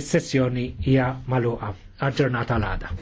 Is-sessjoni hija magħluqa għal ġurnata l-għada.